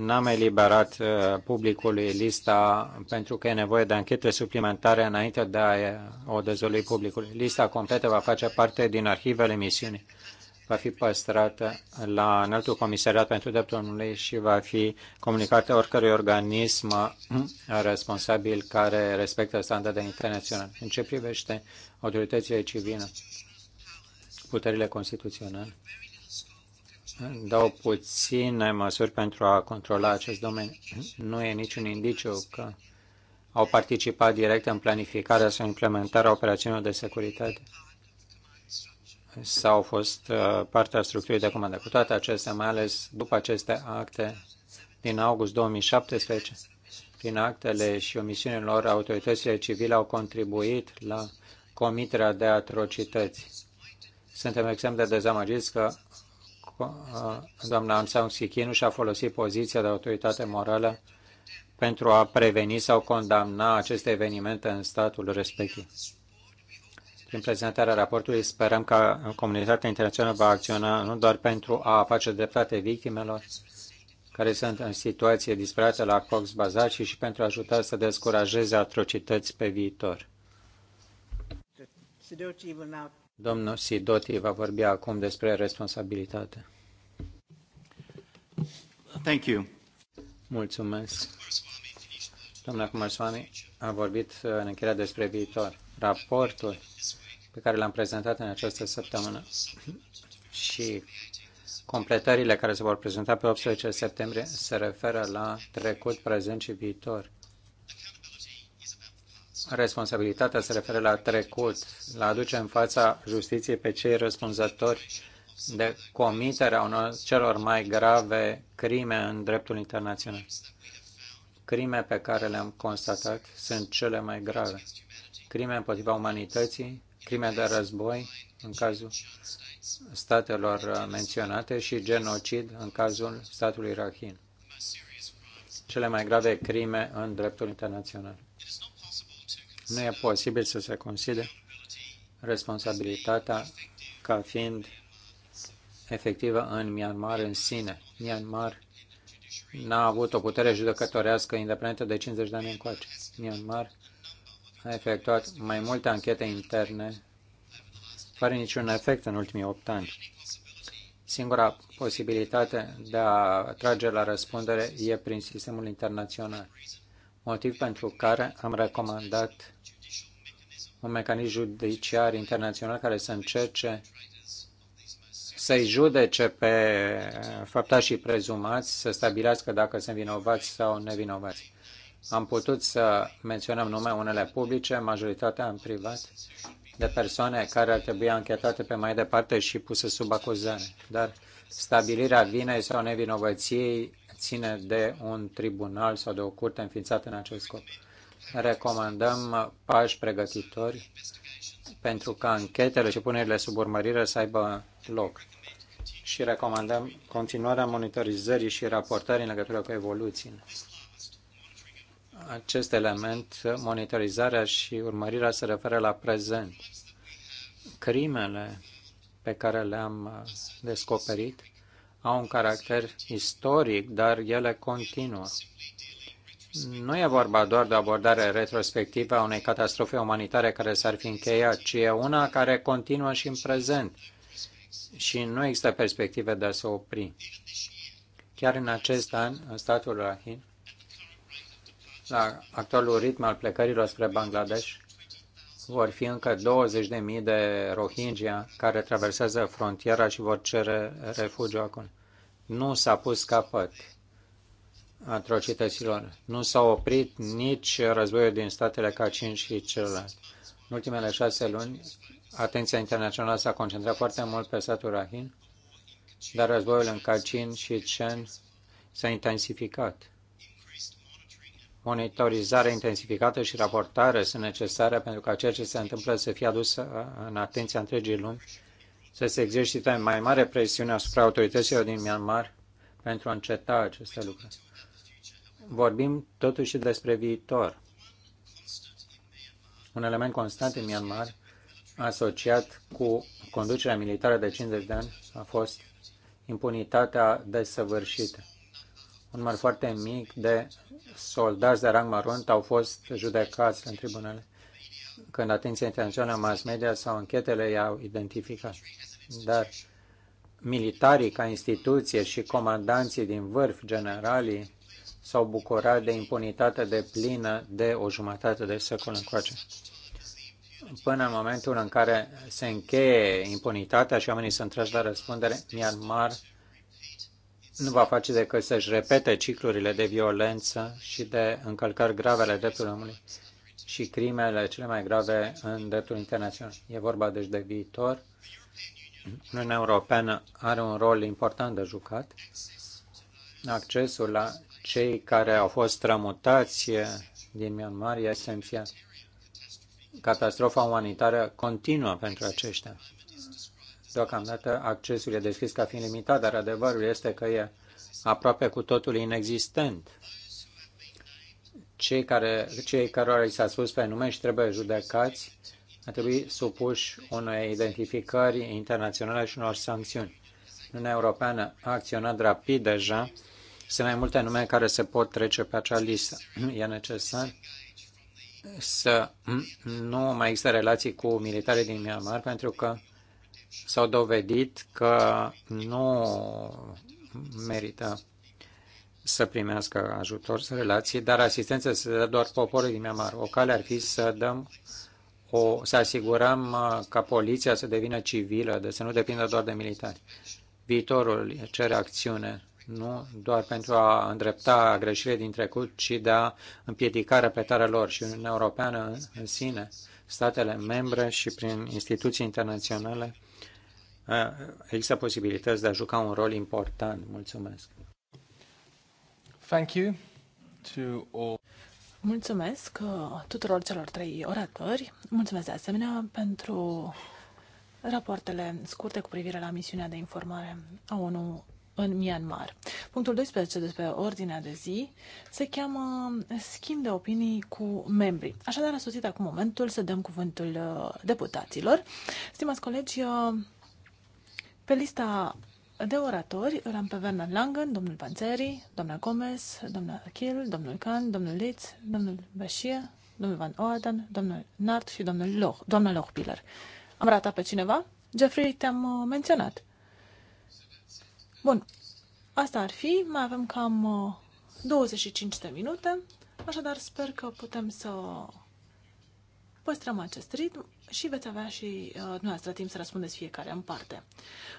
N-am eliberat uh, publicului lista pentru că e nevoie de anchete suplimentare înainte de a o dezolui publicului. Lista completă va face parte din arhivele misiunii. Va fi păstrată la Înaltul Comisariat pentru Dreptul Omului și va fi comunicată oricărui organism uh, responsabil care respectă standardele internaționale. În ce privește autoritățile civile, puterile constituționale? dau puține măsuri pentru a controla acest domeniu. Nu e niciun indiciu că au participat direct în planificarea sau implementarea operațiunilor de securitate sau au fost uh, parte a structurii de comandă. Cu toate acestea, mai ales după aceste acte din august 2017, prin actele și omisiunile lor, autoritățile civile au contribuit la comiterea de atrocități. Suntem extrem de dezamăgiți că doamna Aung San Suu Kyi nu și-a folosit poziția de autoritate morală pentru a preveni sau condamna aceste evenimente în statul respectiv. Prin prezentarea raportului sperăm că comunitatea internațională va acționa nu doar pentru a face dreptate victimelor care sunt în situație disperată la Cox Bazar, ci și pentru a ajuta să descurajeze atrocități pe viitor. Domnul Sidoti va vorbi acum despre responsabilitate. Thank you. Mulțumesc. Domnul Kumarswamy a vorbit în încheierea despre viitor. Raportul pe care l-am prezentat în această săptămână și completările care se vor prezenta pe 18 septembrie se referă la trecut, prezent și viitor responsabilitatea se referă la trecut, la aduce în fața justiției pe cei răspunzători de comiterea unor celor mai grave crime în dreptul internațional. Crime pe care le-am constatat sunt cele mai grave. Crime împotriva umanității, crime de război în cazul statelor uh, menționate și genocid în cazul statului Rahin. Cele mai grave crime în dreptul internațional nu e posibil să se considere responsabilitatea ca fiind efectivă în Myanmar în sine. Myanmar n-a avut o putere judecătorească independentă de 50 de ani încoace. Myanmar a efectuat mai multe anchete interne fără niciun efect în ultimii 8 ani. Singura posibilitate de a trage la răspundere e prin sistemul internațional motiv pentru care am recomandat un mecanism judiciar internațional care să încerce să-i judece pe și prezumați, să stabilească dacă sunt vinovați sau nevinovați. Am putut să menționăm nume unele publice, majoritatea în privat, de persoane care ar trebui anchetate pe mai departe și puse sub acuzare. Dar stabilirea vinei sau nevinovăției ține de un tribunal sau de o curte înființată în acest scop. Recomandăm pași pregătitori pentru ca anchetele și punerile sub urmărire să aibă loc și recomandăm continuarea monitorizării și raportării în legătură cu evoluții. Acest element, monitorizarea și urmărirea, se referă la prezent. Crimele pe care le-am descoperit au un caracter istoric, dar ele continuă. Nu e vorba doar de abordare retrospectivă a unei catastrofe umanitare care s-ar fi încheiat, ci e una care continuă și în prezent și nu există perspective de a se opri. Chiar în acest an, în statul Rahin, la actualul ritm al plecărilor spre Bangladesh, vor fi încă 20.000 de Rohingya care traversează frontiera și vor cere refugiu acolo. Nu s-a pus capăt atrocităților. Nu s-a oprit nici războiul din statele ca 5 și celălalt. În ultimele șase luni, atenția internațională s-a concentrat foarte mult pe satul Rahin, dar războiul în Kachin și Chen s-a intensificat monitorizare intensificată și raportare sunt necesare pentru ca ceea ce se întâmplă să fie adus uh, în atenția întregii lumi, să se exercite mai mare presiune asupra autorităților din Myanmar pentru a înceta aceste lucruri. Vorbim totuși despre viitor. Un element constant în Myanmar, asociat cu conducerea militară de 50 de ani, a fost impunitatea desăvârșită un număr foarte mic de soldați de rang mărunt au fost judecați în tribunale, când atenția internațională mass media sau închetele i-au identificat. Dar militarii ca instituție și comandanții din vârf, generalii, s-au bucurat de impunitate de plină de o jumătate de secol încoace. Până în momentul în care se încheie impunitatea și oamenii sunt trași la răspundere, Myanmar nu va face decât să-și repete ciclurile de violență și de încălcări grave ale drepturilor omului și crimele cele mai grave în dreptul internațional. E vorba deci de viitor. Uniunea Europeană are un rol important de jucat. Accesul la cei care au fost strămutați din Myanmar e esențial. Catastrofa umanitară continuă pentru aceștia. Deocamdată accesul e deschis ca fiind limitat, dar adevărul este că e aproape cu totul inexistent. Cei care, cei care i s-a spus pe nume și trebuie judecați ar trebui supuși unei identificări internaționale și unor sancțiuni. Uniunea Europeană a acționat rapid deja. Sunt mai multe nume care se pot trece pe acea listă. E necesar să nu mai există relații cu militarii din Myanmar, pentru că s-au dovedit că nu merită să primească ajutor, să relații, dar asistență să dă doar poporul din Myanmar. O cale ar fi să dăm o, să asigurăm uh, ca poliția să devină civilă, de să nu depindă doar de militari. Viitorul cere acțiune, nu doar pentru a îndrepta greșelile din trecut, ci de a împiedica repetarea lor și Uniunea Europeană în sine, statele membre și prin instituții internaționale există posibilități de a juca un rol important. Mulțumesc! Thank you to all. Mulțumesc uh, tuturor celor trei oratori. Mulțumesc de asemenea pentru rapoartele scurte cu privire la misiunea de informare a ONU în Myanmar. Punctul 12 despre ordinea de zi se cheamă schimb de opinii cu membrii. Așadar a sosit acum momentul să dăm cuvântul uh, deputaților. Stimați colegi, uh, pe lista de oratori îl am pe Werner Langen, domnul Panzeri, doamna Gomez, doamna Achil, domnul Can, domnul Litz, domnul Bashir, domnul Van Oaden, domnul Nart și domnul Loch, doamna Lochpiller. Am ratat pe cineva? Jeffrey, te-am uh, menționat. Bun, asta ar fi. Mai avem cam 25 uh, de minute, așadar sper că putem să păstrăm acest ritm și veți avea și uh, dumneavoastră timp să răspundeți fiecare în parte.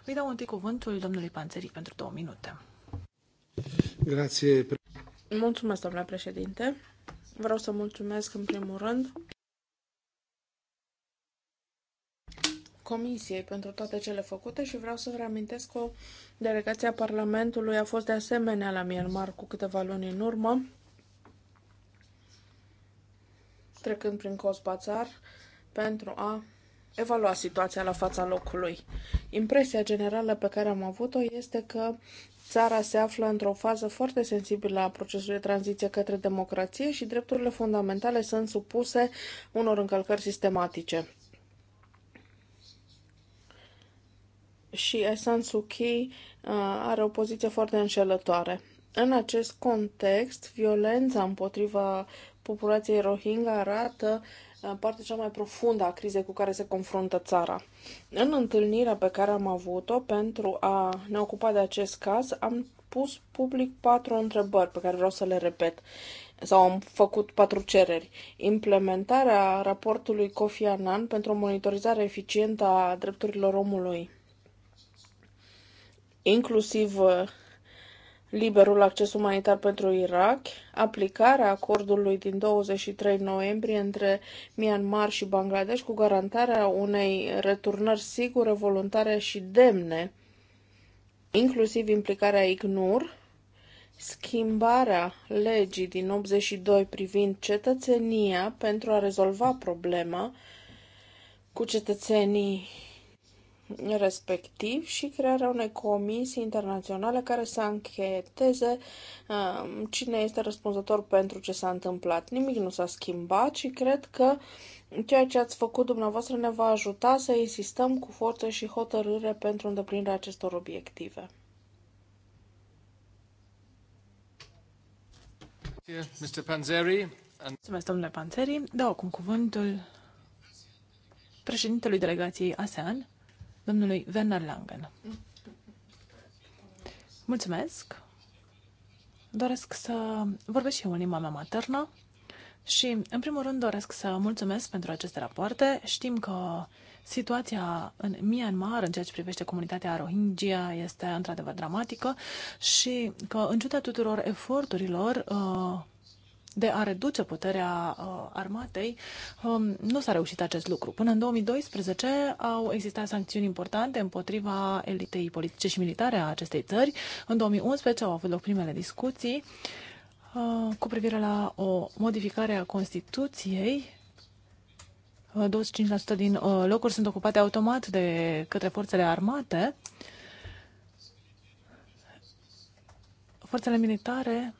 Îi dau întâi cuvântul domnului Panțeri pentru două minute. Grație. Mulțumesc, domnule președinte. Vreau să mulțumesc în primul rând Comisiei pentru toate cele făcute și vreau să vă reamintesc că delegația Parlamentului a fost de asemenea la Myanmar cu câteva luni în urmă trecând prin Cosbațar, pentru a evalua situația la fața locului. Impresia generală pe care am avut-o este că țara se află într-o fază foarte sensibilă a procesului de tranziție către democrație și drepturile fundamentale sunt supuse unor încălcări sistematice. Și Aung San Suu Kyi uh, are o poziție foarte înșelătoare. În acest context, violența împotriva populației Rohingya arată uh, partea cea mai profundă a crizei cu care se confruntă țara. În întâlnirea pe care am avut-o pentru a ne ocupa de acest caz, am pus public patru întrebări pe care vreau să le repet sau am făcut patru cereri. Implementarea raportului Kofi Annan pentru o monitorizare eficientă a drepturilor omului, inclusiv uh, liberul acces umanitar pentru Irak, aplicarea acordului din 23 noiembrie între Myanmar și Bangladesh cu garantarea unei returnări sigure, voluntare și demne, inclusiv implicarea IGNUR, schimbarea legii din 82 privind cetățenia pentru a rezolva problema cu cetățenii respectiv și crearea unei comisii internaționale care să ancheteze uh, cine este răspunzător pentru ce s-a întâmplat. Nimic nu s-a schimbat și cred că ceea ce ați făcut dumneavoastră ne va ajuta să insistăm cu forță și hotărâre pentru îndeplinirea acestor obiective. Mr. Panzeri. Mulțumesc, domnule Panzeri. Dau acum cuvântul președintelui delegației ASEAN, domnului Werner Langen. Mulțumesc! Doresc să vorbesc și eu în limba mea maternă și, în primul rând, doresc să mulțumesc pentru aceste rapoarte. Știm că situația în Myanmar, în ceea ce privește comunitatea Rohingya, este într-adevăr dramatică și că, în ciuda tuturor eforturilor, uh, de a reduce puterea uh, armatei, um, nu s-a reușit acest lucru. Până în 2012 au existat sancțiuni importante împotriva elitei politice și militare a acestei țări. În 2011 au avut loc primele discuții uh, cu privire la o modificare a Constituției 25% uh, din uh, locuri sunt ocupate automat de către forțele armate. Forțele militare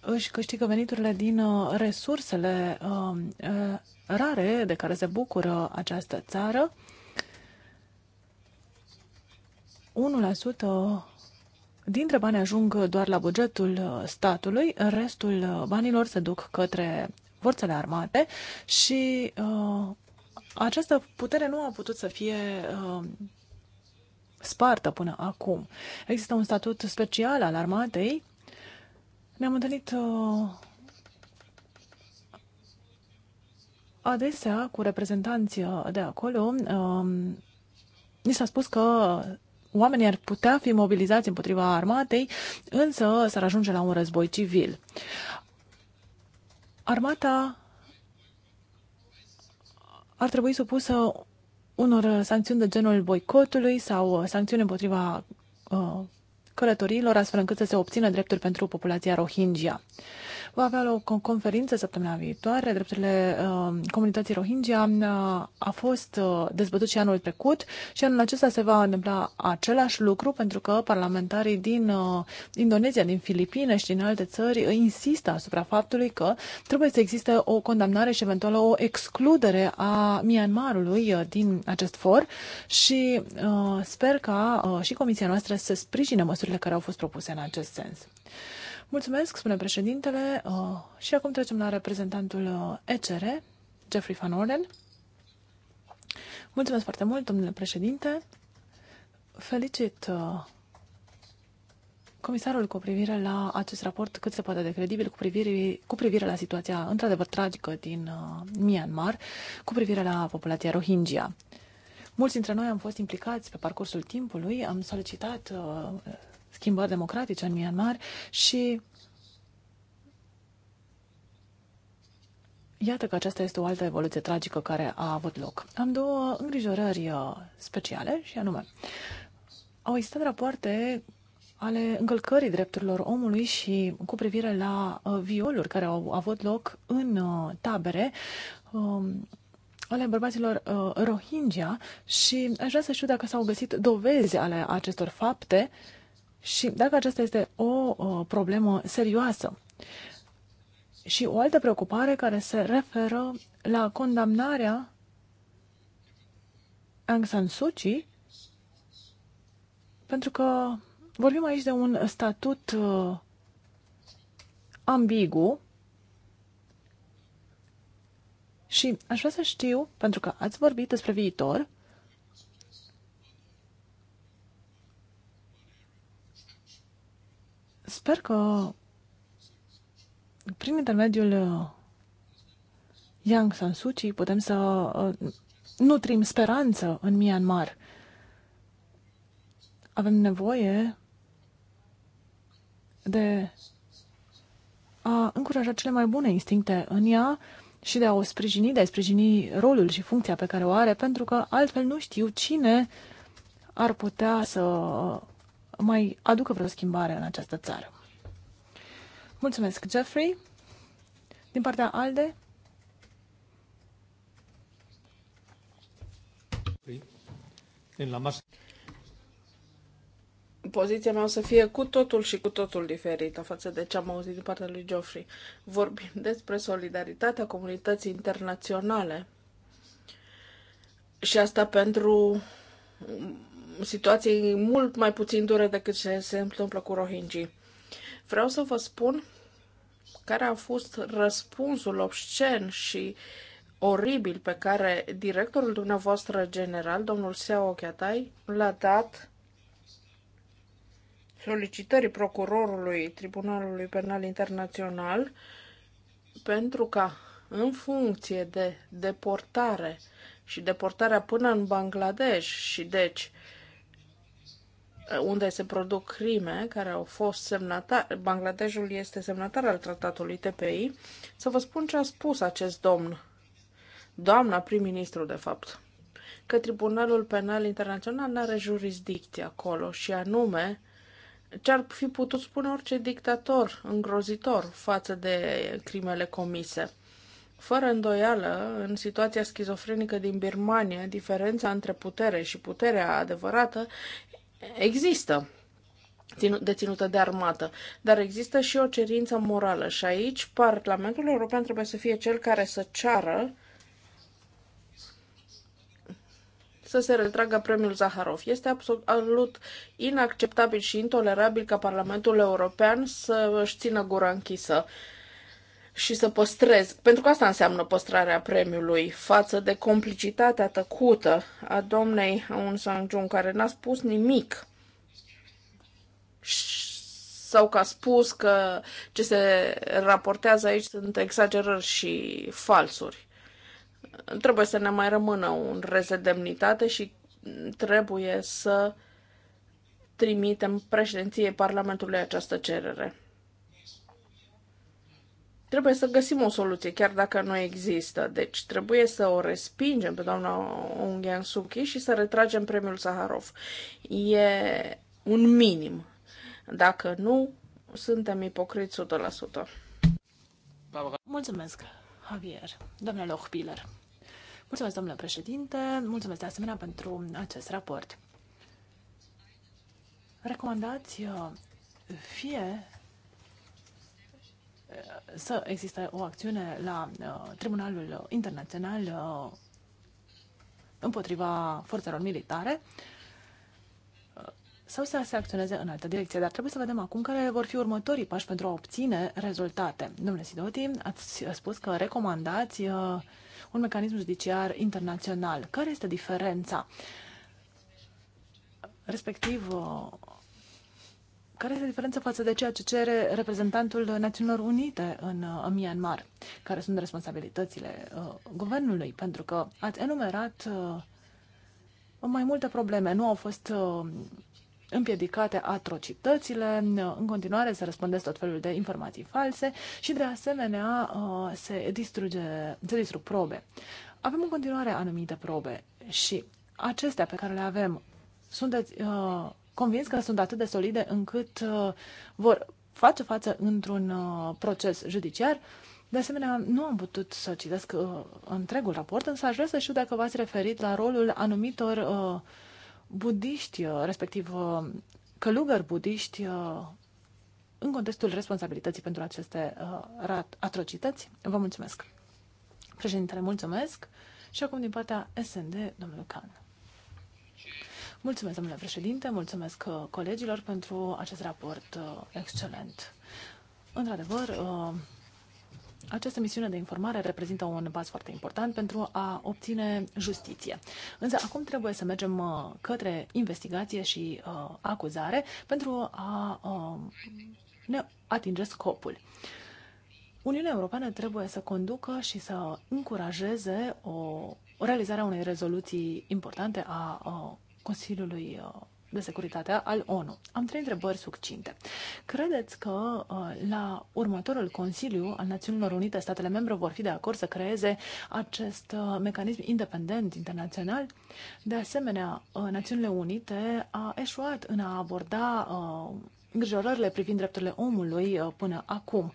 își câștigă veniturile din uh, resursele um, uh, rare de care se bucură această țară. 1% dintre bani ajung doar la bugetul uh, statului, restul banilor se duc către forțele armate și uh, această putere nu a putut să fie uh, spartă până acum. Există un statut special al armatei ne-am întâlnit uh, adesea cu reprezentanții uh, de acolo. Uh, ni s-a spus că oamenii ar putea fi mobilizați împotriva armatei, însă s-ar ajunge la un război civil. Armata ar trebui supusă unor sancțiuni de genul boicotului sau sancțiuni împotriva uh, călătoriilor, astfel încât să se obțină drepturi pentru populația Rohingya. Va avea loc o conferință săptămâna viitoare. Drepturile uh, comunității Rohingya uh, a fost uh, dezbătut și anul trecut și anul acesta se va întâmpla același lucru pentru că parlamentarii din uh, Indonezia, din Filipine și din alte țări insistă asupra faptului că trebuie să existe o condamnare și eventual o excludere a Myanmarului uh, din acest for și uh, sper ca uh, și comisia noastră să sprijine măsurile care au fost propuse în acest sens. Mulțumesc, spune președintele, uh, și acum trecem la reprezentantul uh, ECR, Jeffrey Van Orden. Mulțumesc foarte mult, domnule președinte. Felicit uh, comisarul cu privire la acest raport cât se poate de credibil cu privire, cu privire la situația într-adevăr tragică din uh, Myanmar, cu privire la populația Rohingya. Mulți dintre noi am fost implicați pe parcursul timpului, am solicitat uh, schimbări democratice în Myanmar și Iată că aceasta este o altă evoluție tragică care a avut loc. Am două îngrijorări uh, speciale și anume, au existat rapoarte ale încălcării drepturilor omului și cu privire la uh, violuri care au avut loc în uh, tabere um, ale bărbaților Rohingya și aș vrea să știu dacă s-au găsit dovezi ale acestor fapte uh, și dacă aceasta este o, o problemă serioasă. Și o altă preocupare care se referă la condamnarea Aung San Suu Kyi, pentru că vorbim aici de un statut uh, ambigu și aș vrea să știu, pentru că ați vorbit despre viitor, Sper că prin intermediul uh, Yang San Suu Kyi putem să uh, nutrim speranță în Myanmar. Avem nevoie de a încuraja cele mai bune instincte în ea și de a o sprijini, de a sprijini rolul și funcția pe care o are, pentru că altfel nu știu cine ar putea să uh, mai aducă vreo schimbare în această țară. Mulțumesc, Jeffrey. Din partea ALDE. În la masă. Poziția mea o să fie cu totul și cu totul diferită față de ce am auzit din partea lui Geoffrey. Vorbim despre solidaritatea comunității internaționale. Și asta pentru situație mult mai puțin dură decât ce se întâmplă cu rohingii. Vreau să vă spun care a fost răspunsul obscen și oribil pe care directorul dumneavoastră general, domnul Seo Ochiatai, l-a dat solicitării procurorului Tribunalului Penal Internațional pentru ca, în funcție de deportare și deportarea până în Bangladesh și deci unde se produc crime care au fost semnatari, Bangladeshul este semnatar al tratatului TPI, să vă spun ce a spus acest domn, doamna prim-ministru de fapt, că Tribunalul Penal Internațional nu are jurisdicție acolo și anume ce ar fi putut spune orice dictator îngrozitor față de crimele comise. Fără îndoială, în situația schizofrenică din Birmania, diferența între putere și puterea adevărată există deținută de armată, dar există și o cerință morală și aici Parlamentul European trebuie să fie cel care să ceară să se retragă premiul Zaharov. Este absolut inacceptabil și intolerabil ca Parlamentul European să își țină gura închisă și să păstrez, pentru că asta înseamnă păstrarea premiului față de complicitatea tăcută a domnei Aung San Jun, care n-a spus nimic sau că a spus că ce se raportează aici sunt exagerări și falsuri. Trebuie să ne mai rămână un rez de demnitate și trebuie să trimitem președinției Parlamentului această cerere. Trebuie să găsim o soluție, chiar dacă nu există. Deci trebuie să o respingem pe doamna Aung Suki și să retragem premiul Saharov. E un minim. Dacă nu, suntem ipocriți 100%. Mulțumesc, Javier. Domnule Lochbiller. Mulțumesc, domnule președinte. Mulțumesc de asemenea pentru acest raport. Recomandați fie să existe o acțiune la uh, Tribunalul Internațional uh, împotriva forțelor militare uh, sau să se acționeze în altă direcție. Dar trebuie să vedem acum care vor fi următorii pași pentru a obține rezultate. Domnule Sidoti, ați spus că recomandați un mecanism judiciar internațional. Care este diferența? Respectiv, care este diferența față de ceea ce cere reprezentantul Națiunilor Unite în uh, Myanmar? Care sunt responsabilitățile uh, guvernului? Pentru că ați enumerat uh, mai multe probleme. Nu au fost uh, împiedicate atrocitățile, uh, în continuare se răspândesc tot felul de informații false și de asemenea uh, se, distruge, se distrug probe. Avem în continuare anumite probe și acestea pe care le avem sunteți uh, convins că sunt atât de solide încât uh, vor face față într-un uh, proces judiciar. De asemenea, nu am putut să citesc uh, întregul raport, însă aș vrea să știu dacă v-ați referit la rolul anumitor budiști, respectiv călugări budiști în contextul responsabilității pentru aceste atrocități. Vă mulțumesc. Președintele, mulțumesc. Și acum din partea SND, domnul Can. Mulțumesc, domnule președinte, mulțumesc uh, colegilor pentru acest raport uh, excelent. Într-adevăr, uh, această misiune de informare reprezintă un pas foarte important pentru a obține justiție. Însă acum trebuie să mergem către investigație și acuzare pentru a ne atinge scopul. Uniunea Europeană trebuie să conducă și să încurajeze o realizarea unei rezoluții importante a uh, Consiliului uh, de Securitate al ONU. Am trei întrebări succinte. Credeți că uh, la următorul Consiliu al Națiunilor Unite statele membre vor fi de acord să creeze acest uh, mecanism independent internațional? De asemenea, Națiunile Unite a eșuat în a aborda îngrijorările privind drepturile omului până acum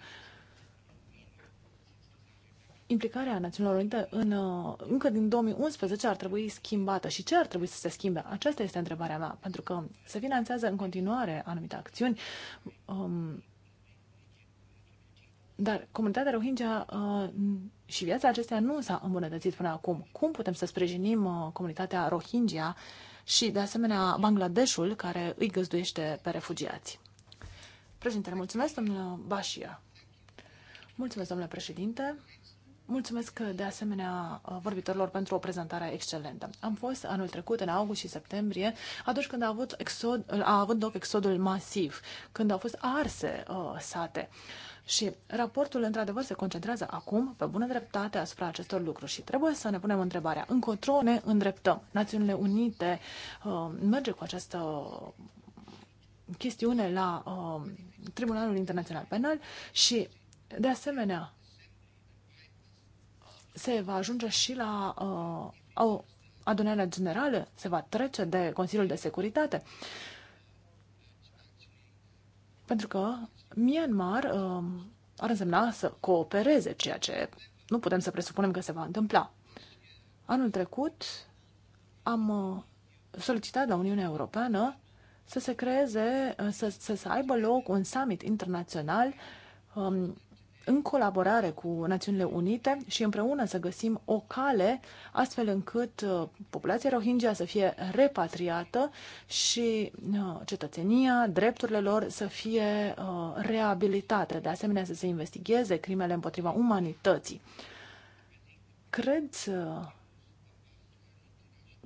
implicarea Națiunilor Unite în, uh, încă din 2011 ar trebui schimbată și ce ar trebui să se schimbe? Aceasta este întrebarea mea, pentru că se finanțează în continuare anumite acțiuni, um, dar comunitatea Rohingya uh, și viața acesteia nu s-a îmbunătățit până acum. Cum putem să sprijinim uh, comunitatea Rohingya și, de asemenea, Bangladeshul, care îi găzduiește pe refugiați? Președintele, mulțumesc, domnule Bashir. Mulțumesc, domnule președinte. Mulțumesc de asemenea uh, vorbitorilor pentru o prezentare excelentă. Am fost anul trecut, în august și septembrie, atunci când a avut, exod, a avut loc exodul masiv, când au fost arse uh, sate. Și raportul, într-adevăr, se concentrează acum, pe bună dreptate, asupra acestor lucruri. Și trebuie să ne punem întrebarea, încotro ne îndreptăm? Națiunile Unite uh, merge cu această chestiune la uh, Tribunalul Internațional Penal și, de asemenea, se va ajunge și la uh, o adunare generală, se va trece de Consiliul de Securitate. Pentru că Myanmar uh, ar însemna să coopereze, ceea ce nu putem să presupunem că se va întâmpla. Anul trecut am uh, solicitat la Uniunea Europeană să se creeze, să, uh, să, să aibă loc un summit internațional um, în colaborare cu Națiunile Unite și împreună să găsim o cale astfel încât uh, populația Rohingya să fie repatriată și uh, cetățenia, drepturile lor să fie uh, reabilitate, de asemenea să se investigheze crimele împotriva umanității. Cred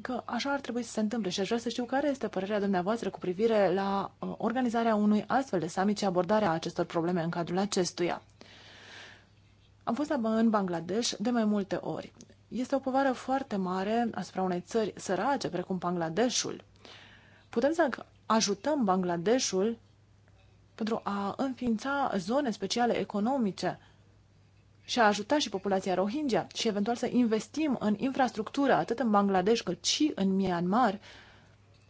că așa ar trebui să se întâmple și aș vrea să știu care este părerea dumneavoastră cu privire la organizarea unui astfel de summit și abordarea acestor probleme în cadrul acestuia. Am fost în Bangladesh de mai multe ori. Este o povară foarte mare asupra unei țări sărace, precum Bangladeshul. Putem să ajutăm Bangladeshul pentru a înființa zone speciale economice și a ajuta și populația Rohingya și eventual să investim în infrastructură atât în Bangladesh cât și în Myanmar,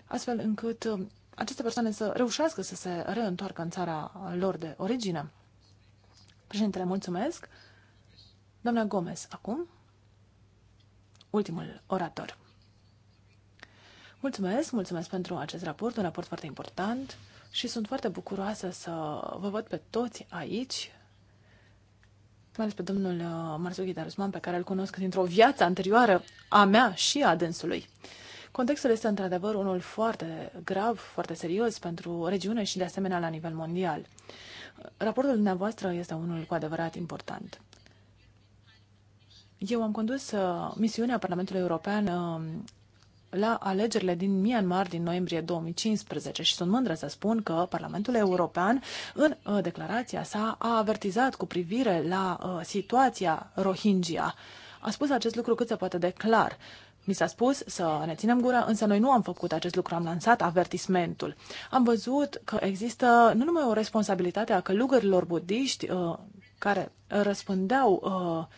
astfel încât um, aceste persoane să reușească să se reîntoarcă în țara lor de origine. Președintele, mulțumesc! Doamna Gomez, acum, ultimul orator. Mulțumesc, mulțumesc pentru acest raport, un raport foarte important și sunt foarte bucuroasă să vă văd pe toți aici, mai ales pe domnul uh, Marzuchi Darusman, pe care îl cunosc dintr-o viață anterioară a mea și a dânsului. Contextul este într-adevăr unul foarte grav, foarte serios pentru regiune și de asemenea la nivel mondial. Raportul dumneavoastră este unul cu adevărat important. Eu am condus uh, misiunea Parlamentului European um, la alegerile din Myanmar din noiembrie 2015 și sunt mândră să spun că Parlamentul European în uh, declarația sa a avertizat cu privire la uh, situația Rohingya. A spus acest lucru cât se poate de clar. Mi s-a spus să ne ținem gura, însă noi nu am făcut acest lucru, am lansat avertismentul. Am văzut că există nu numai o responsabilitate a călugărilor budiști uh, care răspândeau uh,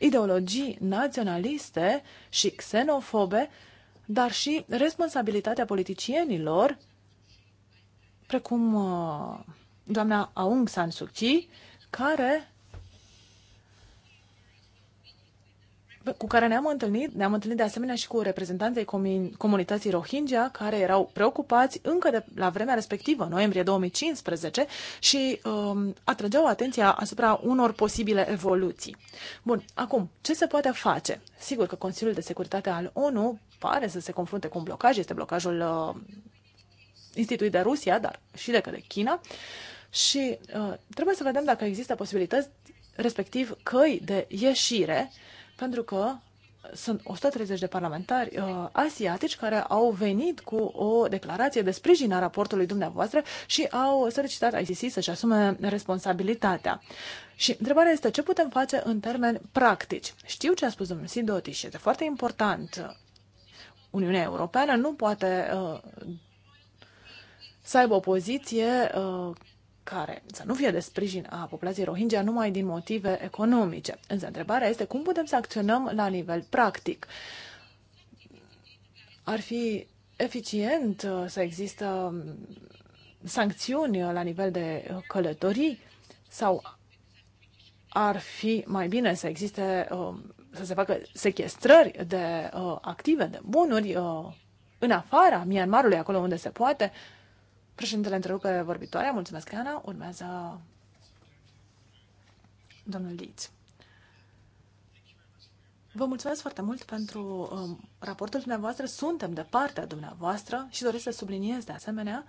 ideologii naționaliste și xenofobe, dar și responsabilitatea politicienilor, precum uh, doamna Aung San Suu Kyi, care cu care ne-am întâlnit. Ne-am întâlnit de asemenea și cu reprezentanții comunității Rohingya, care erau preocupați încă de la vremea respectivă, noiembrie 2015, și um, atrăgeau atenția asupra unor posibile evoluții. Bun, acum, ce se poate face? Sigur că Consiliul de Securitate al ONU pare să se confrunte cu un blocaj, este blocajul uh, instituit de Rusia, dar și de către China. Și uh, trebuie să vedem dacă există posibilități, respectiv căi de ieșire uh, pentru că sunt 130 de parlamentari uh, asiatici care au venit cu o declarație de sprijin a raportului dumneavoastră și au solicitat ICC să-și asume responsabilitatea. Și întrebarea este ce putem face în termeni practici. Știu ce a spus domnul Sidoti și este foarte important. Uniunea Europeană nu poate uh, să aibă o poziție uh, care să nu fie de sprijin a populației Rohingya numai din motive economice. Însă întrebarea este cum putem să acționăm la nivel practic. Ar fi eficient uh, să există um, sancțiuni uh, la nivel de uh, călătorii sau ar fi mai bine să existe, um, să se facă sechestrări de active, de bunuri în afara Myanmarului, acolo unde se poate, Președintele întrerupe vorbitoarea. Mulțumesc, Ana. Urmează domnul Liț. Vă mulțumesc foarte mult pentru um, raportul dumneavoastră. Suntem de partea dumneavoastră și doresc să subliniez de asemenea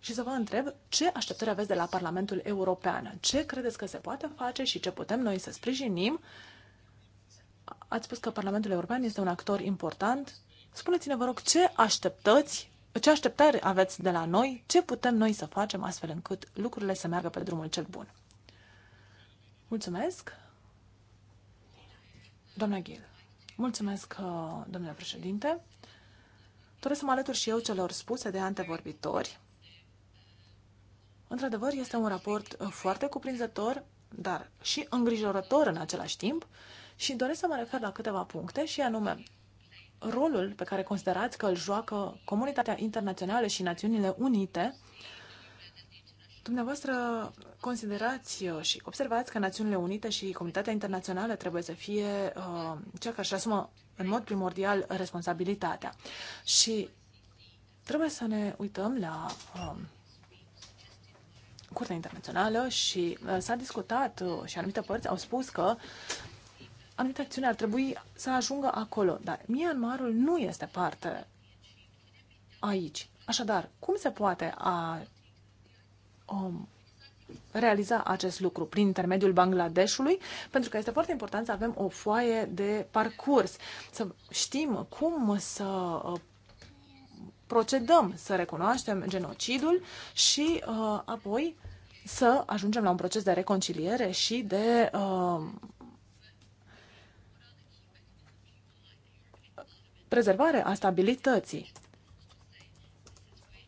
și să vă întreb ce așteptări aveți de la Parlamentul European, ce credeți că se poate face și ce putem noi să sprijinim. Ați spus că Parlamentul European este un actor important. Spuneți-ne, vă rog, ce așteptați ce așteptări aveți de la noi, ce putem noi să facem astfel încât lucrurile să meargă pe drumul cel bun. Mulțumesc! Doamna Ghil, mulțumesc, uh, domnule președinte. Doresc să mă alătur și eu celor spuse de antevorbitori. Într-adevăr, este un raport uh, foarte cuprinzător, dar și îngrijorător în același timp și doresc să mă refer la câteva puncte și anume rolul pe care considerați că îl joacă comunitatea internațională și Națiunile Unite. Dumneavoastră considerați și observați că Națiunile Unite și comunitatea internațională trebuie să fie uh, cea care își asumă în mod primordial responsabilitatea. Și trebuie să ne uităm la uh, Curtea Internațională și uh, s-a discutat uh, și anumite părți au spus că anumite acțiuni ar trebui să ajungă acolo, dar Myanmarul nu este parte aici. Așadar, cum se poate a, um, realiza acest lucru prin intermediul Bangladeshului, pentru că este foarte important să avem o foaie de parcurs, să știm cum să uh, procedăm, să recunoaștem genocidul și uh, apoi să ajungem la un proces de reconciliere și de uh, prezervare a stabilității.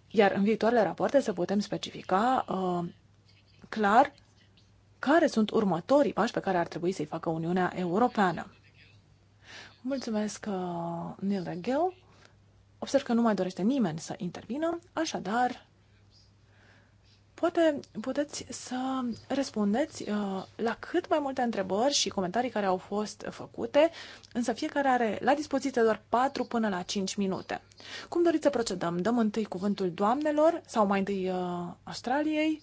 Iar în viitoarele rapoarte să putem specifica uh, clar care sunt următorii pași pe care ar trebui să-i facă Uniunea Europeană. Mulțumesc, uh, Neil Gill. Observ că nu mai dorește nimeni să intervină, așadar Poate puteți să răspundeți uh, la cât mai multe întrebări și comentarii care au fost făcute, însă fiecare are la dispoziție doar 4 până la 5 minute. Cum doriți să procedăm? Dăm întâi cuvântul doamnelor sau mai întâi uh, Australiei?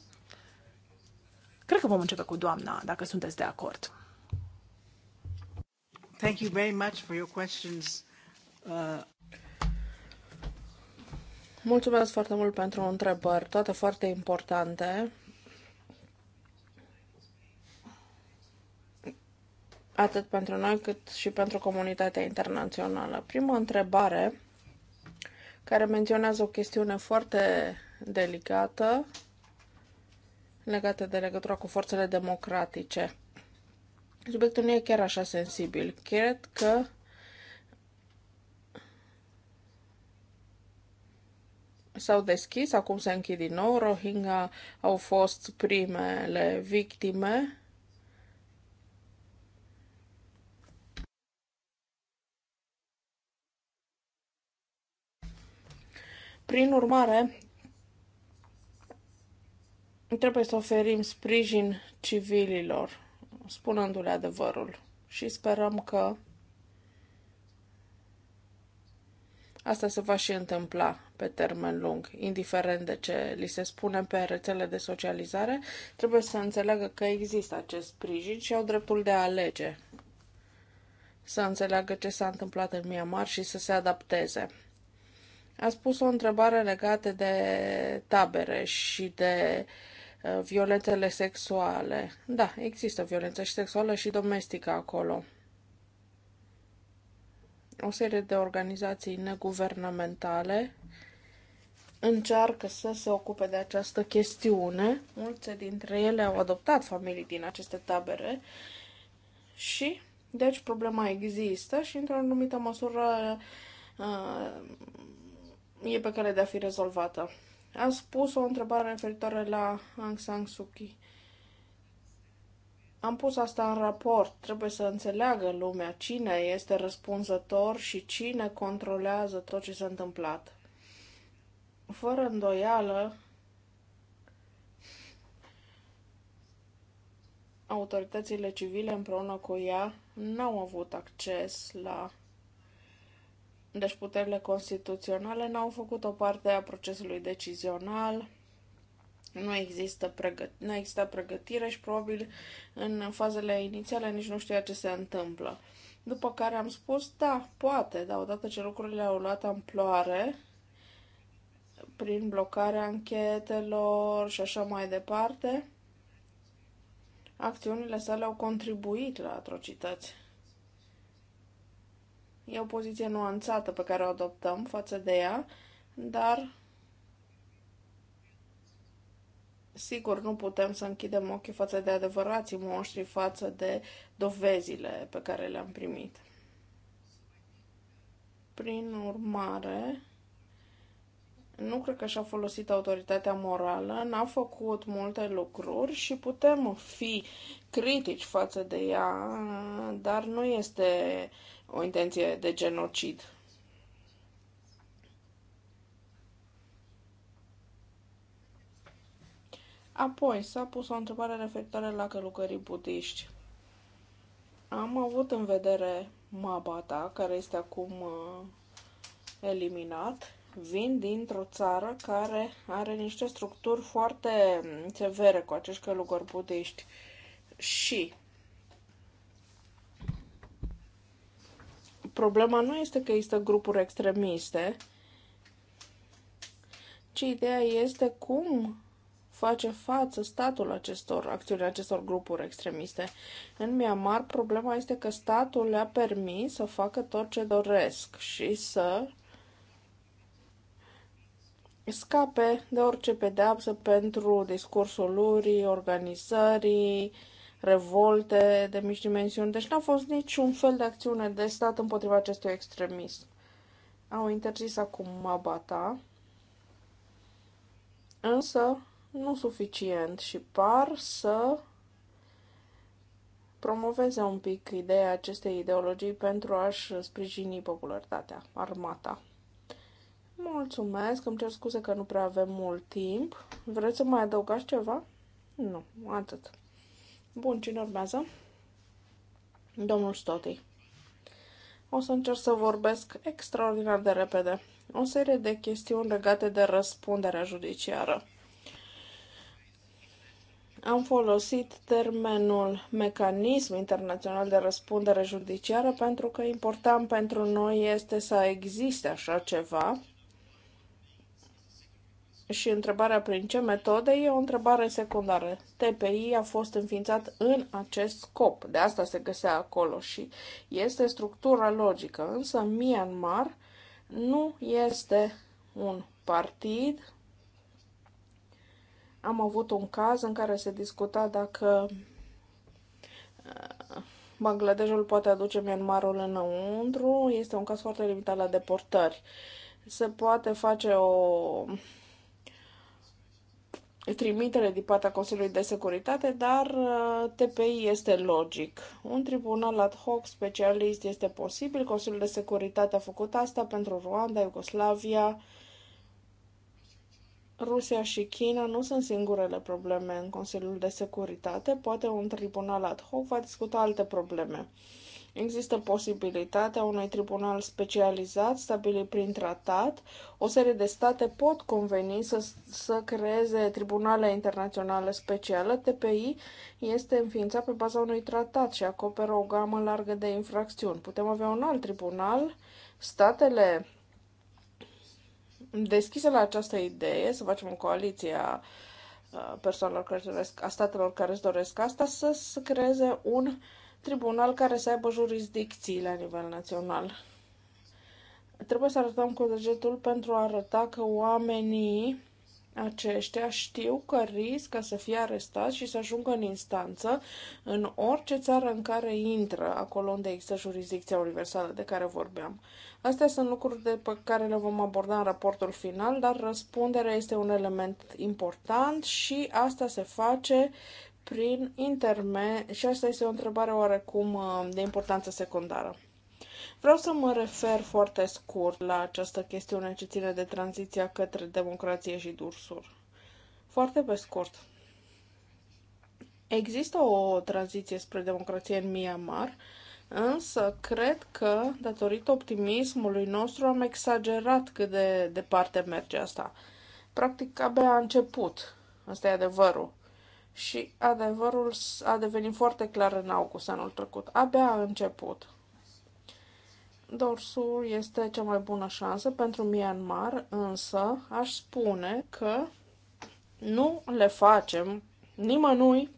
Cred că vom începe cu doamna, dacă sunteți de acord. Thank you very much for your questions. Uh, Mulțumesc foarte mult pentru întrebări, toate foarte importante. atât pentru noi cât și pentru comunitatea internațională. Prima întrebare care menționează o chestiune foarte delicată legată de legătura cu forțele democratice. Subiectul nu e chiar așa sensibil. Cred că s-au deschis, acum se închid din nou. Rohingya au fost primele victime. Prin urmare, trebuie să oferim sprijin civililor, spunându-le adevărul. Și sperăm că Asta se va și întâmpla pe termen lung, indiferent de ce li se spune pe rețele de socializare, trebuie să înțeleagă că există acest sprijin și au dreptul de a alege, să înțeleagă ce s-a întâmplat în Myanmar și să se adapteze. A spus o întrebare legată de tabere și de uh, violențele sexuale. Da, există violență și sexuală și domestică acolo o serie de organizații neguvernamentale încearcă să se ocupe de această chestiune. Multe dintre ele au adoptat familii din aceste tabere și, deci, problema există și, într-o anumită măsură, uh, e pe care de a fi rezolvată. A spus o întrebare referitoare la Aung San Suu Kyi. Am pus asta în raport. Trebuie să înțeleagă lumea cine este răspunzător și cine controlează tot ce s-a întâmplat. Fără îndoială, autoritățile civile împreună cu ea n-au avut acces la deci puterile constituționale n-au făcut o parte a procesului decizional, nu există, pregăt- nu există pregătire și probabil în fazele inițiale nici nu știa ce se întâmplă. După care am spus, da, poate, dar odată ce lucrurile au luat amploare, prin blocarea anchetelor și așa mai departe, acțiunile sale au contribuit la atrocități. E o poziție nuanțată pe care o adoptăm față de ea, dar Sigur, nu putem să închidem ochii față de adevărații monștri, față de dovezile pe care le-am primit. Prin urmare, nu cred că și-a folosit autoritatea morală, n-a făcut multe lucruri și putem fi critici față de ea, dar nu este o intenție de genocid. Apoi s-a pus o întrebare referitoare la călugării budiști. Am avut în vedere Mabata, care este acum uh, eliminat. Vin dintr-o țară care are niște structuri foarte mm, severe cu acești călugări budiști. Și problema nu este că există grupuri extremiste, ci ideea este cum face față statul acestor acțiuni, acestor grupuri extremiste. În Myanmar, problema este că statul le-a permis să facă tot ce doresc și să scape de orice pedeapsă pentru discursul lor, organizării, revolte de mici dimensiuni. Deci n-a fost niciun fel de acțiune de stat împotriva acestui extremism. Au interzis acum Mabata, însă nu suficient și par să promoveze un pic ideea acestei ideologii pentru a-și sprijini popularitatea, armata. Mulțumesc, îmi cer scuze că nu prea avem mult timp. Vreți să mai adăugați ceva? Nu, atât. Bun, cine urmează? Domnul Stotei. O să încerc să vorbesc extraordinar de repede. O serie de chestiuni legate de răspunderea judiciară am folosit termenul mecanism internațional de răspundere judiciară pentru că important pentru noi este să existe așa ceva. Și întrebarea prin ce metode e o întrebare secundară. TPI a fost înființat în acest scop, de asta se găsea acolo și este structura logică. Însă Myanmar nu este un partid, am avut un caz în care se discuta dacă uh, Bangladeshul poate aduce Myanmarul înăuntru. Este un caz foarte limitat la deportări. Se poate face o trimitere din partea Consiliului de Securitate, dar uh, TPI este logic. Un tribunal ad hoc specialist este posibil. Consiliul de Securitate a făcut asta pentru Ruanda, Iugoslavia, Rusia și China nu sunt singurele probleme în Consiliul de Securitate, poate un tribunal ad hoc va discuta alte probleme. Există posibilitatea unui tribunal specializat stabilit prin tratat. O serie de state pot conveni să, să creeze tribunale internaționale speciale. TPI este înființat pe baza unui tratat și acoperă o gamă largă de infracțiuni. Putem avea un alt tribunal. Statele deschisă la această idee, să facem o coaliție a persoanelor care doresc, a statelor care își doresc asta, să, să creeze un tribunal care să aibă jurisdicții la nivel național. Trebuie să arătăm cu degetul pentru a arăta că oamenii aceștia știu că riscă să fie arestați și să ajungă în instanță în orice țară în care intră, acolo unde există jurisdicția universală de care vorbeam. Astea sunt lucruri de pe care le vom aborda în raportul final, dar răspunderea este un element important și asta se face prin interme și asta este o întrebare oarecum uh, de importanță secundară. Vreau să mă refer foarte scurt la această chestiune ce ține de tranziția către democrație și dursuri. Foarte pe scurt. Există o tranziție spre democrație în Myanmar, însă cred că, datorită optimismului nostru, am exagerat cât de departe merge asta. Practic, abia a început. Asta e adevărul. Și adevărul a devenit foarte clar în august anul trecut. Abia a început. Dorsul este cea mai bună șansă pentru Myanmar, însă aș spune că nu le facem nimănui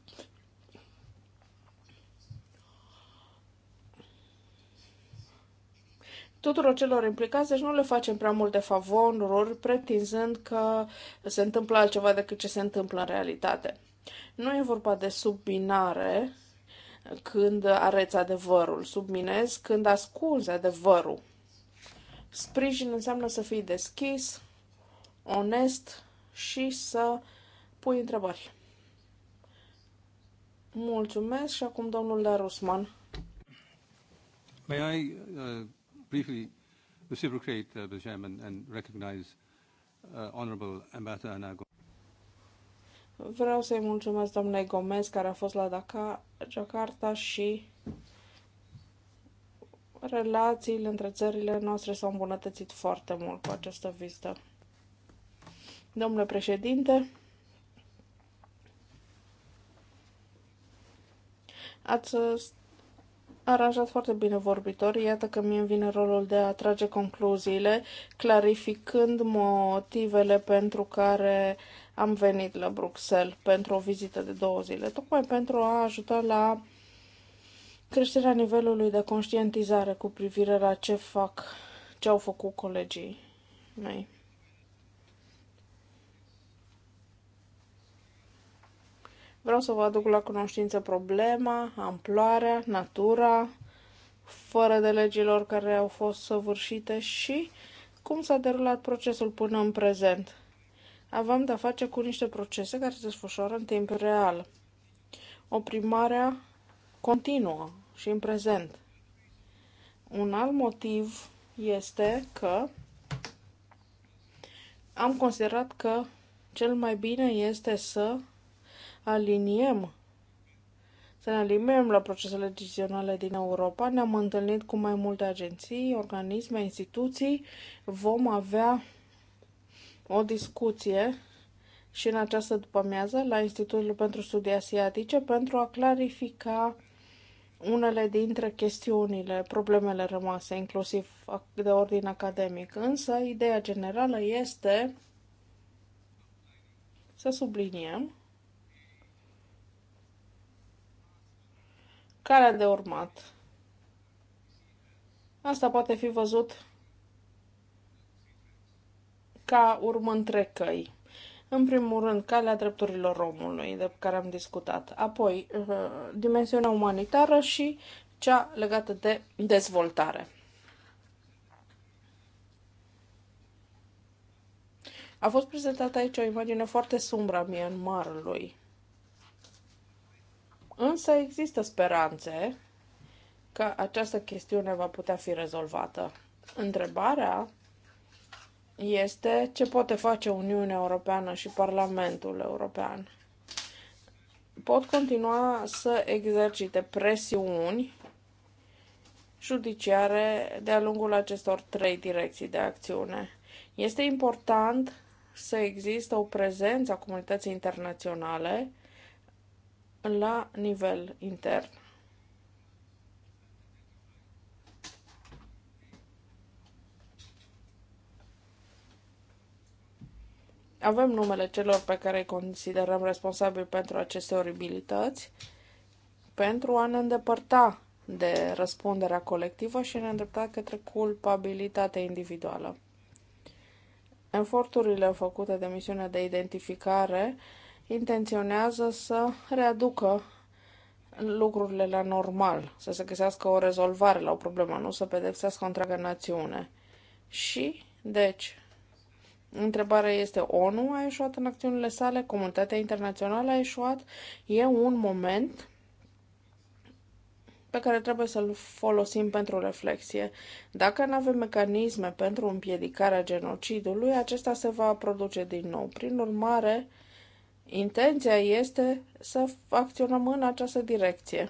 tuturor celor implicați, deci nu le facem prea multe favoruri, pretinzând că se întâmplă altceva decât ce se întâmplă în realitate. Nu e vorba de subbinare când areți adevărul, subminezi când asculți adevărul. Sprijin înseamnă să fii deschis, onest și să pui întrebări. Mulțumesc și acum domnul Darusman. May I uh, briefly reciprocate, uh, the Chairman, and recognize uh, honorable Ambassador Anago. Vreau să-i mulțumesc doamnei Gomez, care a fost la Dakar, Jakarta și relațiile între țările noastre s-au îmbunătățit foarte mult cu această vizită. Domnule președinte, ați aranjat foarte bine vorbitorii. Iată că mie îmi vine rolul de a trage concluziile, clarificând motivele pentru care uh, am venit la Bruxelles pentru o vizită de două zile, tocmai pentru a ajuta la creșterea nivelului de conștientizare cu privire la ce fac, ce au făcut colegii mei. Vreau să vă aduc la cunoștință problema, amploarea, natura, fără de legilor care au fost săvârșite și cum s-a derulat procesul până în prezent avem de-a face cu niște procese care se desfășoară în timp real. Oprimarea continuă și în prezent. Un alt motiv este că am considerat că cel mai bine este să aliniem să ne aliniem la procesele decizionale din Europa. Ne-am întâlnit cu mai multe agenții, organisme, instituții. Vom avea o discuție și în această după-amiază la Institutul pentru Studii Asiatice pentru a clarifica unele dintre chestiunile, problemele rămase, inclusiv de ordin academic. Însă, ideea generală este să subliniem care de urmat. Asta poate fi văzut ca urmă între căi. În primul rând, calea drepturilor omului, de care am discutat, apoi uh, dimensiunea umanitară și cea legată de dezvoltare. A fost prezentată aici o imagine foarte sumbră a Myanmarului. Însă există speranțe că această chestiune va putea fi rezolvată. Întrebarea este ce poate face Uniunea Europeană și Parlamentul European. Pot continua să exercite presiuni judiciare de-a lungul acestor trei direcții de acțiune. Este important să există o prezență a comunității internaționale la nivel intern. Avem numele celor pe care îi considerăm responsabili pentru aceste oribilități, pentru a ne îndepărta de răspunderea colectivă și ne îndrepta către culpabilitatea individuală. Eforturile făcute de misiunea de identificare intenționează să readucă lucrurile la normal, să se găsească o rezolvare la o problemă, nu să pedepsească o întreagă națiune. Și, deci, Întrebarea este, ONU a ieșuat în acțiunile sale, comunitatea internațională a ieșuat? e un moment pe care trebuie să-l folosim pentru reflexie. Dacă nu avem mecanisme pentru împiedicarea genocidului, acesta se va produce din nou. Prin urmare, intenția este să acționăm în această direcție.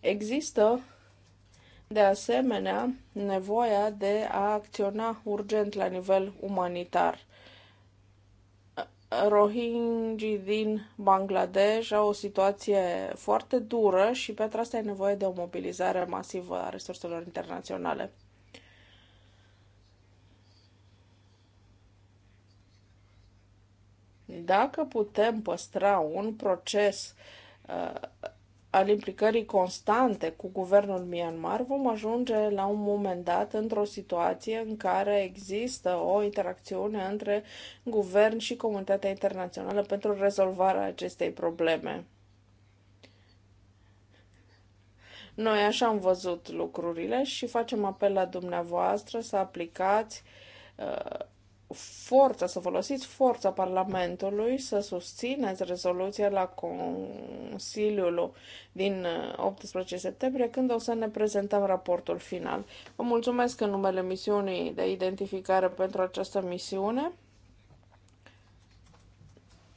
Există, de asemenea, nevoia de a acționa urgent la nivel umanitar. Rohingyi din Bangladesh au o situație foarte dură și pentru asta e nevoie de o mobilizare masivă a resurselor internaționale. Dacă putem păstra un proces uh, al implicării constante cu guvernul Myanmar, vom ajunge la un moment dat într-o situație în care există o interacțiune între guvern și comunitatea internațională pentru rezolvarea acestei probleme. Noi așa am văzut lucrurile și facem apel la dumneavoastră să aplicați uh, forța, să folosiți forța Parlamentului să susțineți rezoluția la Consiliul din 18 uh, septembrie, când o să ne prezentăm raportul final. Vă mulțumesc în numele misiunii de identificare pentru această misiune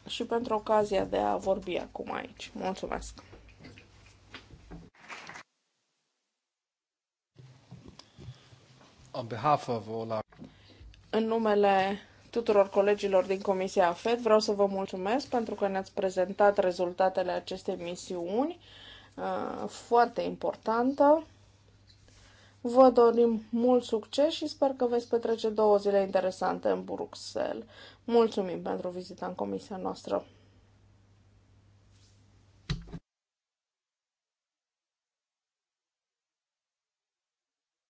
și pentru ocazia de a vorbi acum aici. Mulțumesc! On behalf of all our în numele tuturor colegilor din Comisia AFET vreau să vă mulțumesc pentru că ne-ați prezentat rezultatele acestei misiuni uh, foarte importantă. Vă dorim mult succes și sper că veți petrece două zile interesante în Bruxelles. Mulțumim pentru vizita în comisia noastră.